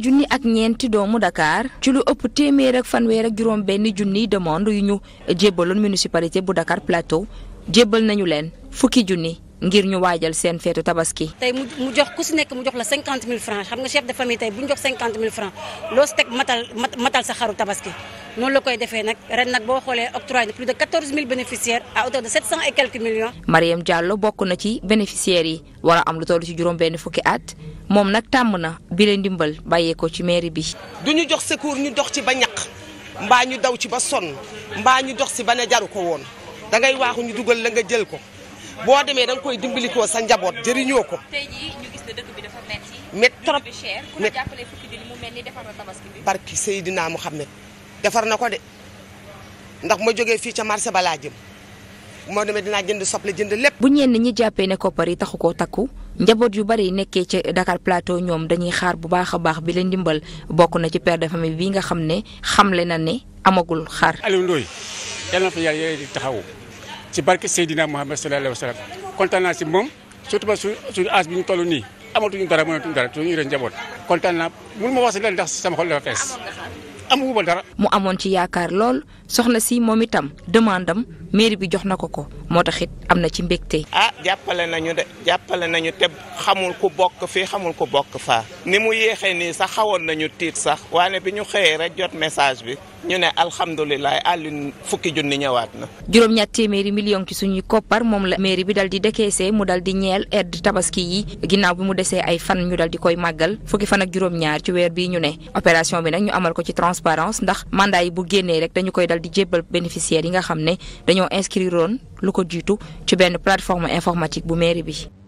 junni ak ñeenti doomu Dakar ci lu ëpp téeméer ak fanweer ak juróom benn junniy demande yu ñu jébbaloon municipalité bu Dakar Plateau jébbal nañu leen fukki junni ngir ñu waajal seen feetu tabaski. tey mu jox ku si nekk mu jox la cinquante mille francs xam nga chef de famille tey bu ñu jox cinquante mille francs loo si teg matal matal sa xaru tabaski. noonu la koy defee nag ren nag boo xoolee octroi de plus de 14000 bénéficiaires à hauteur de 700 et quelques millions. Mariam Diallo bokk na ci bénéficiaires yi war a am lu toll ci juróom-benn fukki at moom nag tàmm na bi leen ndimbal bàyyee ko ci mairie bi. du ñu jox secours ñu dox ci ba ñaq mbaa ñu daw ci ba sonn mbaa ñu dox si ba ne jaru ko woon da ngay waaxu ñu dugal la nga jël ko boo demee da nga koy dimbalikoo sa njaboot jëriñoo ko. tey jii ñu gis ne dëkk bi dafa metti. met trop met ku la na tabaski defar na ko de ndax ma jógee fii ca marché ba laa jëm moo demee dinaa jënd soble jënd lépp. bu ñenn ñi jàppee ne koppar yi taxu koo takku njaboot yu bari nekkee ci Dakar Plateau ñoom dañuy xaar bu baax a baax bi leen dimbal bokk na ci père de famille bii nga xam ne xamle na ne amagul xaar. Aliou Ndoye yal na fa yàlla di taxawu ci barke Seydina Mohamed sallallahu alayhi wa sallam si moom surtout ba suñu âge bi ñu toll nii amatuñu dara mënatuñu dara suñu yore njaboot kontaan naa mënu ma amu fa dara. mu amoon ci yaakaar lool soxna si moom itam demande am mairie bi jox na ko ko moo tax it am na ci mbégte. ah jàppale nañu de jàppale nañu te xamul ku bokk fii xamul ku bokk fa ni mu yéexee nii sax xawoon nañu tiit sax waane bi ñu xëyee rek jot message bi. ñu ne alhamdulilah Alioune fukki junni ñëwaat na. juróom-ñett téeméeri million ci suñuy koppar moom la mairie bi dal di décaissé mu dal di ñeel aide tabaski yi ginnaaw bi mu desee ay fan ñu dal di koy màggal fukki fan ak juróom-ñaar ci weer bii ñu ne opération bi nag ñu amal ko ci transparence ndax mandat yi bu génnee rek dañu koy dal di jébbal bénéficiaires yi nga xam ne dañoo inscrire woon lu ko jiitu ci benn plateforme informatique bu mairie bi.